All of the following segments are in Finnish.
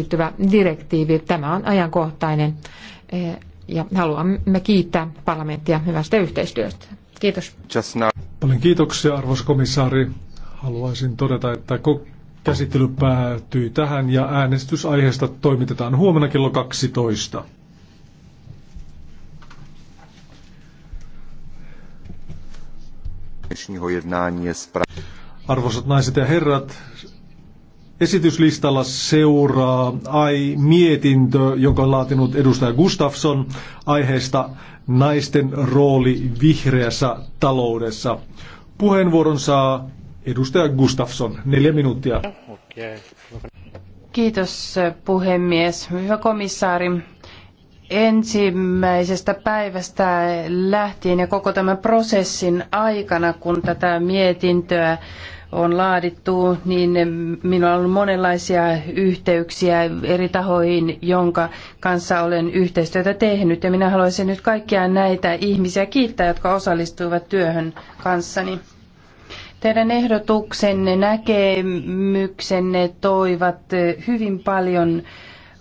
liittyvä direktiivi. Tämä on ajankohtainen eh, ja haluamme kiittää parlamenttia hyvästä yhteistyöstä. Kiitos. Paljon kiitoksia arvoisa komissaari. Haluaisin todeta, että käsittely päätyy tähän ja äänestys aiheesta toimitetaan huomenna kello 12. Arvoisat naiset ja herrat, Esityslistalla seuraa ai mietintö, jonka on laatinut edustaja Gustafsson aiheesta naisten rooli vihreässä taloudessa. Puheenvuoron saa edustaja Gustafsson, neljä minuuttia. Kiitos puhemies. Hyvä komissaari, ensimmäisestä päivästä lähtien ja koko tämän prosessin aikana, kun tätä mietintöä on laadittu, niin minulla on ollut monenlaisia yhteyksiä eri tahoihin, jonka kanssa olen yhteistyötä tehnyt. Ja minä haluaisin nyt kaikkia näitä ihmisiä kiittää, jotka osallistuivat työhön kanssani. Teidän ehdotuksenne, näkemyksenne toivat hyvin paljon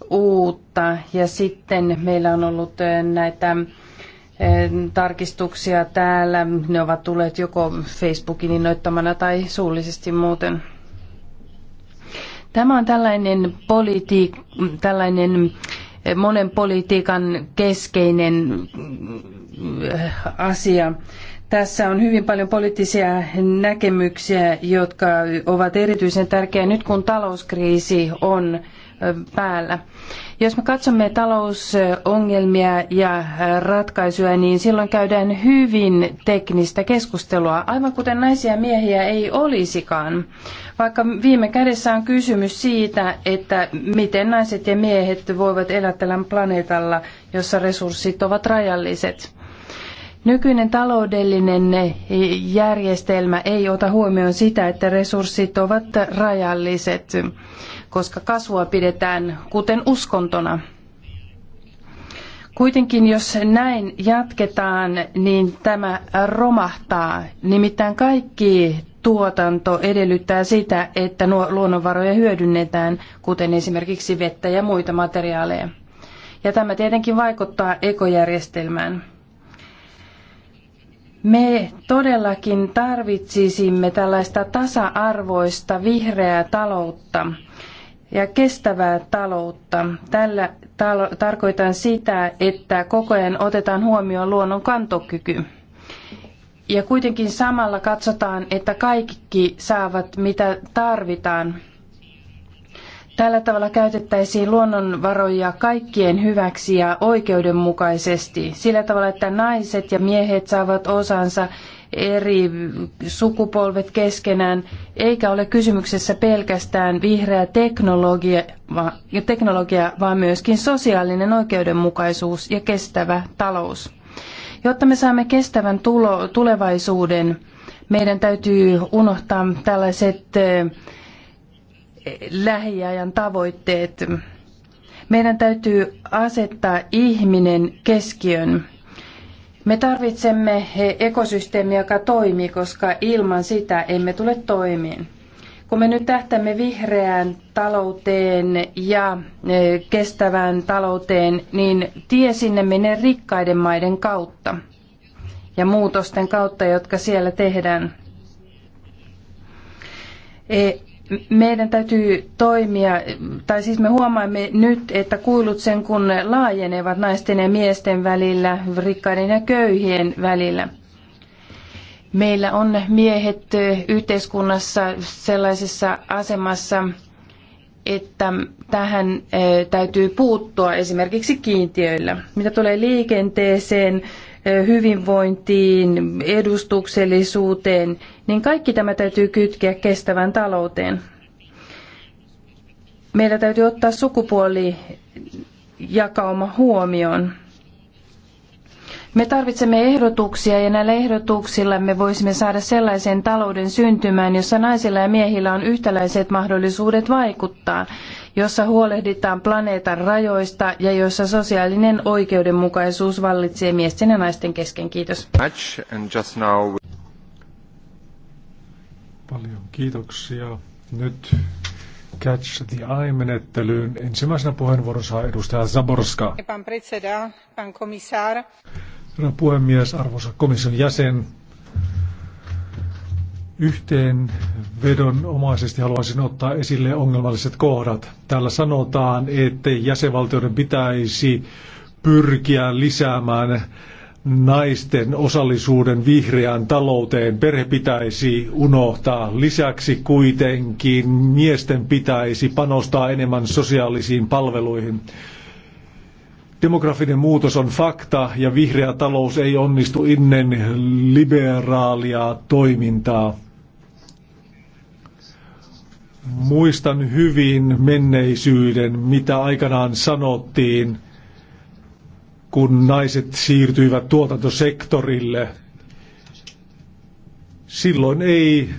uutta ja sitten meillä on ollut äh, näitä tarkistuksia täällä. Ne ovat tulleet joko Facebookin innoittamana tai suullisesti muuten. Tämä on tällainen, politiik, tällainen eh, monen politiikan keskeinen eh, asia. Tässä on hyvin paljon poliittisia näkemyksiä, jotka ovat erityisen tärkeitä nyt kun talouskriisi on päällä. Jos me katsomme talousongelmia ja ratkaisuja, niin silloin käydään hyvin teknistä keskustelua, aivan kuten naisia ja miehiä ei olisikaan. Vaikka viime kädessä on kysymys siitä, että miten naiset ja miehet voivat elää tällä planeetalla, jossa resurssit ovat rajalliset. Nykyinen taloudellinen järjestelmä ei ota huomioon sitä, että resurssit ovat rajalliset, koska kasvua pidetään kuten uskontona. Kuitenkin jos näin jatketaan, niin tämä romahtaa. Nimittäin kaikki tuotanto edellyttää sitä, että nuo luonnonvaroja hyödynnetään, kuten esimerkiksi vettä ja muita materiaaleja. Ja tämä tietenkin vaikuttaa ekojärjestelmään. Me todellakin tarvitsisimme tällaista tasa-arvoista vihreää taloutta ja kestävää taloutta. Tällä talo- tarkoitan sitä, että koko ajan otetaan huomioon luonnon kantokyky. Ja kuitenkin samalla katsotaan, että kaikki saavat mitä tarvitaan. Tällä tavalla käytettäisiin luonnonvaroja kaikkien hyväksi ja oikeudenmukaisesti. Sillä tavalla, että naiset ja miehet saavat osansa eri sukupolvet keskenään, eikä ole kysymyksessä pelkästään vihreä teknologia, teknologia vaan myöskin sosiaalinen oikeudenmukaisuus ja kestävä talous. Jotta me saamme kestävän tulo, tulevaisuuden, meidän täytyy unohtaa tällaiset eh, lähiajan tavoitteet. Meidän täytyy asettaa ihminen keskiön. Me tarvitsemme ekosysteemi, joka toimii, koska ilman sitä emme tule toimiin. Kun me nyt tähtäämme vihreään talouteen ja e, kestävään talouteen, niin tie sinne menee rikkaiden maiden kautta ja muutosten kautta, jotka siellä tehdään. E, meidän täytyy toimia, tai siis me huomaamme nyt, että kuilut sen kun laajenevat naisten ja miesten välillä, rikkaiden ja köyhien välillä. Meillä on miehet yhteiskunnassa sellaisessa asemassa, että tähän täytyy puuttua esimerkiksi kiintiöillä. Mitä tulee liikenteeseen, hyvinvointiin, edustuksellisuuteen, niin kaikki tämä täytyy kytkeä kestävään talouteen. Meillä täytyy ottaa sukupuolijakauma huomioon. Me tarvitsemme ehdotuksia ja näillä ehdotuksilla me voisimme saada sellaisen talouden syntymään, jossa naisilla ja miehillä on yhtäläiset mahdollisuudet vaikuttaa jossa huolehditaan planeetan rajoista ja jossa sosiaalinen oikeudenmukaisuus vallitsee miesten ja naisten kesken. Kiitos. Paljon kiitoksia. Nyt Catch the Eye-menettelyyn. Ensimmäisenä puheenvuoron saa edustaja Zaborska. Pan predseda, Herra puhemies, arvoisa komission jäsen, omaisesti haluaisin ottaa esille ongelmalliset kohdat. Täällä sanotaan, että jäsenvaltioiden pitäisi pyrkiä lisäämään naisten osallisuuden vihreään talouteen. Perhe pitäisi unohtaa. Lisäksi kuitenkin miesten pitäisi panostaa enemmän sosiaalisiin palveluihin. Demografinen muutos on fakta ja vihreä talous ei onnistu ennen liberaalia toimintaa. Muistan hyvin menneisyyden, mitä aikanaan sanottiin, kun naiset siirtyivät tuotantosektorille. Silloin ei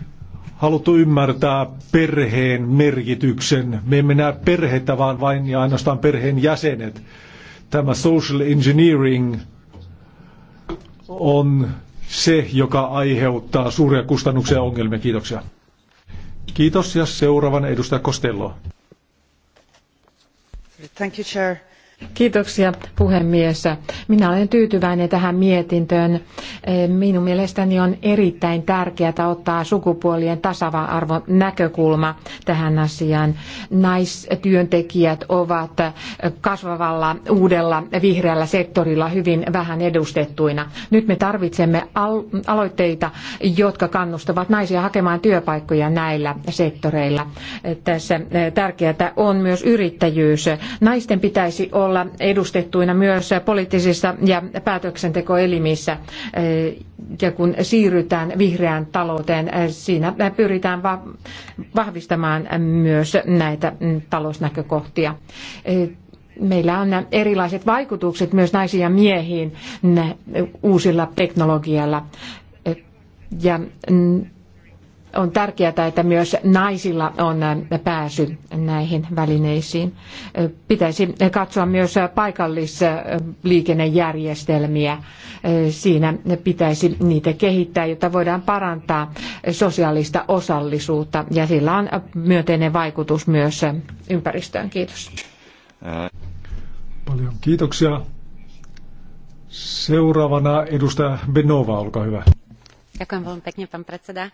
haluttu ymmärtää perheen merkityksen. Me emme näe perhettä, vaan vain ja ainoastaan perheen jäsenet. Tämä social engineering on se, joka aiheuttaa suuria kustannuksia ja ongelmia. Kiitoksia. Kiitos ja seuraavan edustaja Costello. Thank you, Chair. Kiitoksia puhemies. Minä olen tyytyväinen tähän mietintöön. Eh, minun mielestäni on erittäin tärkeää ottaa sukupuolien tasava arvon näkökulma tähän asiaan. Naistyöntekijät ovat kasvavalla uudella vihreällä sektorilla hyvin vähän edustettuina. Nyt me tarvitsemme aloitteita, jotka kannustavat naisia hakemaan työpaikkoja näillä sektoreilla. Tässä eh, tärkeää on myös yrittäjyys. Naisten pitäisi olla olla edustettuina myös poliittisissa ja päätöksentekoelimissä. Ja kun siirrytään vihreään talouteen, siinä pyritään vahvistamaan myös näitä talousnäkökohtia meillä on erilaiset vaikutukset myös naisiin ja miehiin uusilla teknologialla. Ja on tärkeää, että myös naisilla on äh, pääsy näihin välineisiin. Äh, pitäisi katsoa myös paikallisliikennejärjestelmiä. Äh, siinä pitäisi niitä kehittää, jotta voidaan parantaa sosiaalista osallisuutta ja sillä on myönteinen vaikutus myös ympäristöön. Kiitos. Paljon kiitoksia. Seuraavana edustaja Benova, olkaa hyvä. Ďakujem veľmi pekne, pán predseda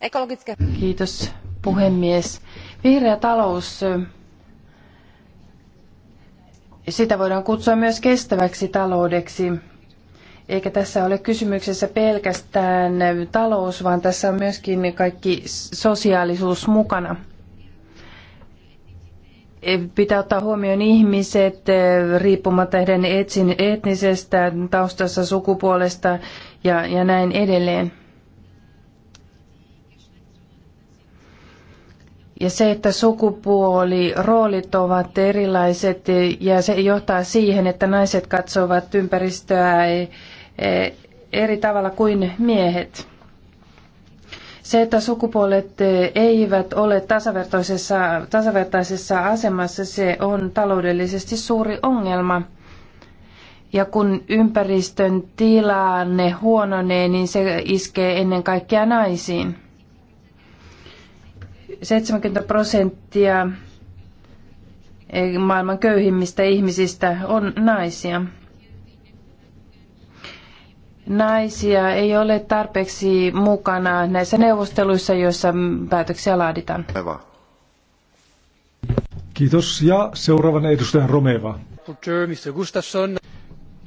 ekologiske... Kiitos puhemies. Vihreä talous, sitä voidaan kutsua myös kestäväksi taloudeksi. Eikä tässä ole kysymyksessä pelkästään talous, vaan tässä on myöskin kaikki sosiaalisuus mukana. Pitää ottaa huomioon ihmiset riippumatta heidän etnisestä taustassa sukupuolesta ja, ja näin edelleen. Ja se, että sukupuoli, roolit ovat erilaiset ja se johtaa siihen, että naiset katsovat ympäristöä eh, eh, eri tavalla kuin miehet. Se, että sukupuolet eh, eivät ole tasavertaisessa, tasavertaisessa asemassa, se on taloudellisesti suuri ongelma. Ja kun ympäristön tilanne huononee, niin se iskee ennen kaikkea naisiin. 70 prosenttia maailman köyhimmistä ihmisistä on naisia. Naisia ei ole tarpeeksi mukana näissä neuvosteluissa, joissa päätöksiä laaditaan. Kiitos. Ja seuraavana edustajan Romeva. Mr. Gustafsson.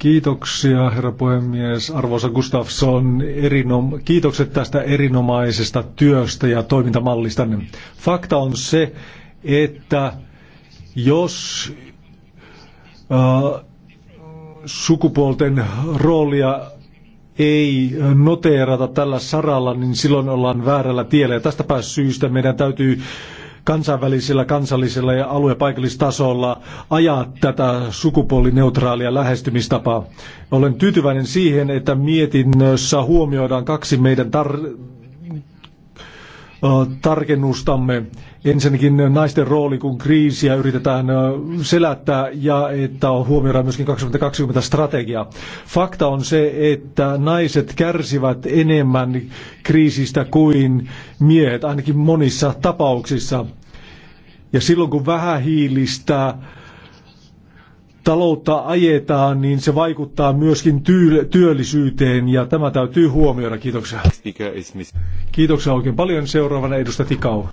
Kiitoksia, herra puhemies. Arvoisa Gustafsson, erinom- kiitokset tästä erinomaisesta työstä ja toimintamallistanne. Fakta on se, että jos äh, sukupuolten roolia ei noteerata tällä saralla, niin silloin ollaan väärällä tiellä. Ja tästäpä syystä meidän täytyy äh, kansainvälisellä, kansallisella ja paikallistasolla ajaa tätä sukupuolineutraalia lähestymistapaa. Olen tyytyväinen siihen, että mietinnössä huomioidaan kaksi meidän tar- tarkennustamme. Ensinnäkin naisten rooli, kun kriisiä yritetään selättää ja että huomioidaan myöskin 2020 strategia. Fakta on se, että naiset kärsivät enemmän kriisistä kuin miehet, ainakin monissa tapauksissa. Ja silloin kun vähähiilistä hiilistä taloutta ajetaan, niin se vaikuttaa myöskin työllisyyteen ja tämä täytyy huomioida. Kiitoksia. Kiitoksia oikein paljon. Seuraavana edustaja Tikau.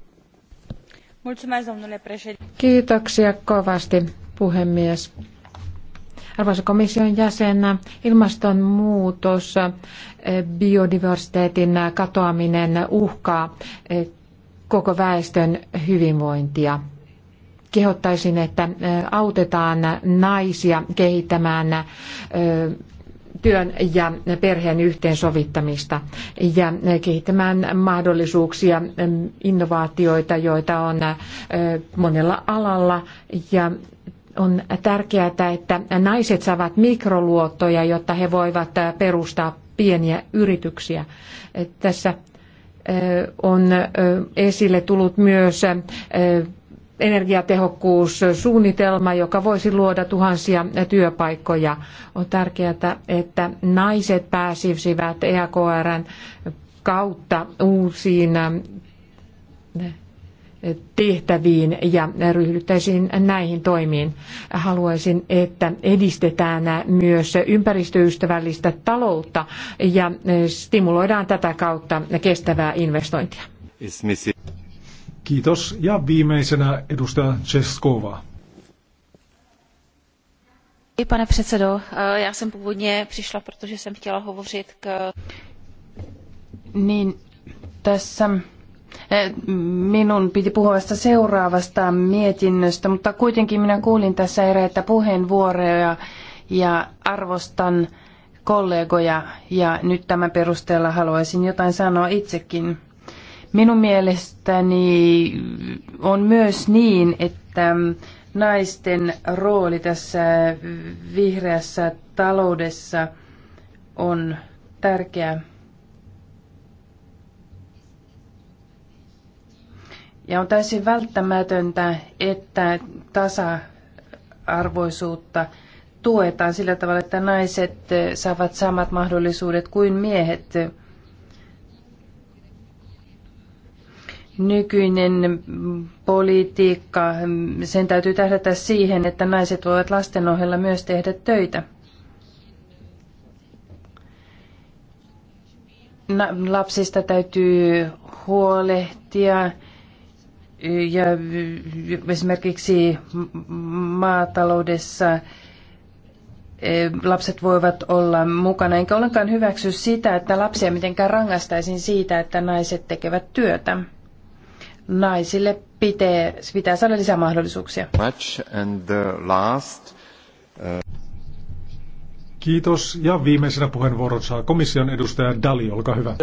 Kiitoksia kovasti, puhemies. Arvoisa komission jäsenä ilmastonmuutos, eh, biodiversiteetin katoaminen uhkaa eh, koko väestön hyvinvointia kehottaisin, että autetaan naisia kehittämään työn ja perheen yhteensovittamista ja kehittämään mahdollisuuksia, innovaatioita, joita on monella alalla ja on tärkeää, että naiset saavat mikroluottoja, jotta he voivat perustaa pieniä yrityksiä. Tässä on esille tullut myös energiatehokkuussuunnitelma, joka voisi luoda tuhansia työpaikkoja. On tärkeää, että naiset pääsisivät EAKRn kautta uusiin eh, tehtäviin ja ryhdyttäisiin näihin toimiin. Haluaisin, että edistetään myös ympäristöystävällistä taloutta ja eh, stimuloidaan tätä kautta kestävää investointia. Kiitos. Ja viimeisenä edustaja Českova. Pane předsedo, eh, já jsem původně přišla, protože jsem chtěla hovořit k... Niin, tässä eh, minun piti puhua vasta seuraavasta mietinnöstä, mutta kuitenkin minä kuulin tässä eräitä puheenvuoroja ja arvostan kollegoja ja nyt tämän perusteella haluaisin jotain sanoa itsekin. Minun mielestäni on myös niin, että naisten rooli tässä vihreässä taloudessa on tärkeä. Ja on täysin välttämätöntä, että tasa-arvoisuutta tuetaan sillä tavalla, että naiset saavat samat mahdollisuudet kuin miehet. nykyinen politiikka, sen täytyy tähdätä siihen, että naiset voivat lasten ohella myös tehdä töitä. Lapsista täytyy huolehtia ja esimerkiksi maataloudessa e, lapset voivat olla mukana. Enkä ollenkaan hyväksy sitä, että lapsia mitenkään rangaistaisiin siitä, että naiset tekevät työtä naisille pitää, pitää saada lisää mahdollisuuksia. Uh, Kiitos. Ja viimeisenä puheenvuoron saa komission edustaja Dali, olkaa hyvä.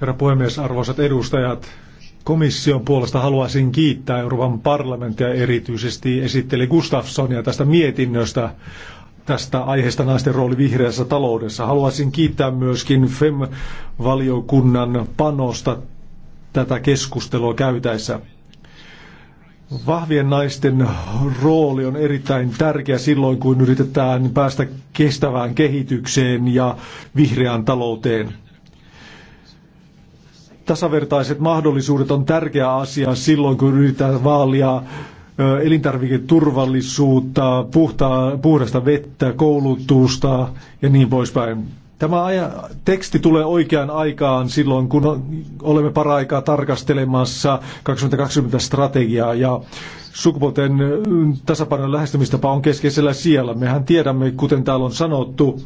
Herra puhemies, arvoisat edustajat, komission puolesta haluaisin kiittää Euroopan parlamenttia erityisesti esitteli Gustafssonia tästä mietinnöstä tästä aiheesta naisten rooli vihreässä taloudessa. Haluaisin kiittää myöskin FEM-valiokunnan panosta tätä keskustelua käytäessä. Vahvien naisten rooli on erittäin tärkeä silloin, kun yritetään päästä kestävään kehitykseen ja vihreään talouteen. Tasavertaiset mahdollisuudet on tärkeä asia silloin, kun yritetään vaalia elintarviketurvallisuutta, puhtaa, puhdasta vettä, koulutusta ja niin poispäin. Tämä aja, teksti tulee oikeaan aikaan silloin, kun olemme paraikaa tarkastelemassa 2020 strategiaa ja sukupuolten tasapainon lähestymistapa on keskeisellä siellä. Mehän tiedämme, kuten täällä on sanottu,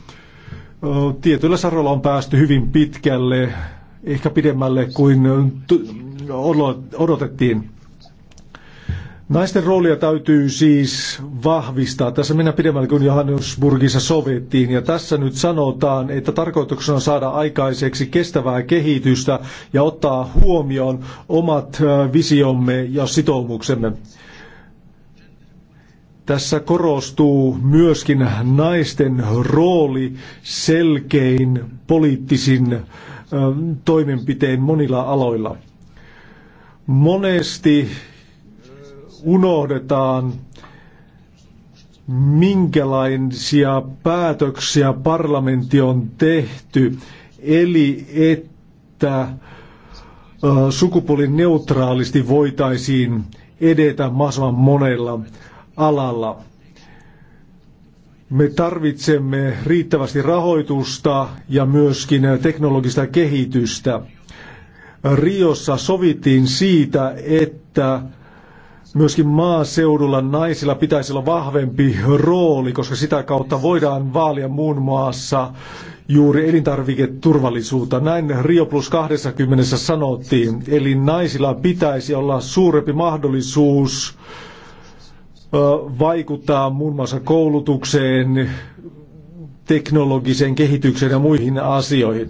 tietyillä saroilla on päästy hyvin pitkälle, ehkä pidemmälle kuin odotettiin. Naisten roolia täytyy siis vahvistaa. Tässä mennään pidemmälle kuin Johannesburgissa sovittiin. Ja tässä nyt sanotaan, että tarkoituksena on saada aikaiseksi kestävää kehitystä ja ottaa huomioon omat visiomme ja sitoumuksemme. Tässä korostuu myöskin naisten rooli selkein poliittisin toimenpitein monilla aloilla. Monesti unohdetaan, minkälaisia päätöksiä parlamentti on tehty, eli että sukupuolineutraalisti voitaisiin edetä mahdollisimman monella alalla. Me tarvitsemme riittävästi rahoitusta ja myöskin teknologista kehitystä. Riossa sovittiin siitä, että Myöskin maaseudulla naisilla pitäisi olla vahvempi rooli, koska sitä kautta voidaan vaalia muun muassa juuri elintarviketurvallisuutta. Näin Rio Plus 20 sanottiin. Eli naisilla pitäisi olla suurempi mahdollisuus vaikuttaa muun muassa koulutukseen, teknologiseen kehitykseen ja muihin asioihin.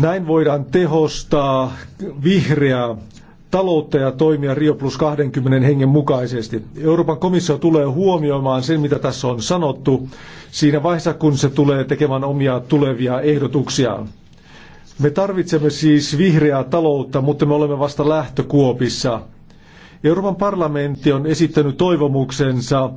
Näin voidaan tehostaa vihreää taloutta ja toimia Rio plus 20 hengen mukaisesti. Euroopan komissio tulee huomioimaan sen, mitä tässä on sanottu siinä vaiheessa, kun se tulee tekemään omia tulevia ehdotuksiaan. Me tarvitsemme siis vihreää taloutta, mutta me olemme vasta lähtökuopissa. Euroopan parlamentti on esittänyt toivomuksensa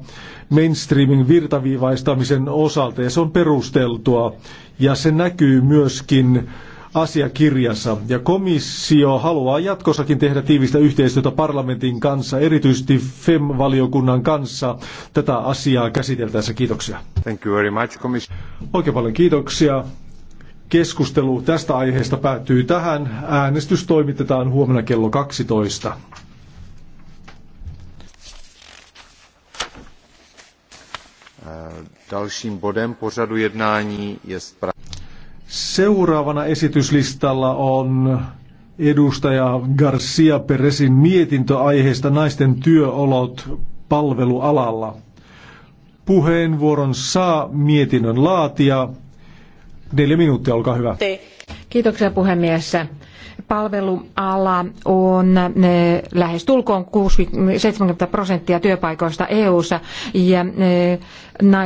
mainstreamin virtaviivaistamisen osalta ja se on perusteltua ja se näkyy myöskin asiakirjassa. Ja komissio haluaa jatkossakin tehdä tiivistä yhteistyötä parlamentin kanssa, erityisesti FEM-valiokunnan kanssa tätä asiaa käsiteltäessä. Kiitoksia. Thank you very much, Oikein paljon kiitoksia. Keskustelu tästä aiheesta päättyy tähän. Äänestys toimitetaan huomenna kello 12. dalším bodem pořadu jednání je Seuraavana esityslistalla on edustaja Garcia Peresin mietintö aiheesta naisten työolot palvelualalla. Puheenvuoron saa mietinnön laatia. Neljä minuuttia, olkaa hyvä. Kiitoksia puhemies palveluala on lähes tulkoon 70 prosenttia työpaikoista EU-ssa ja eh, nais-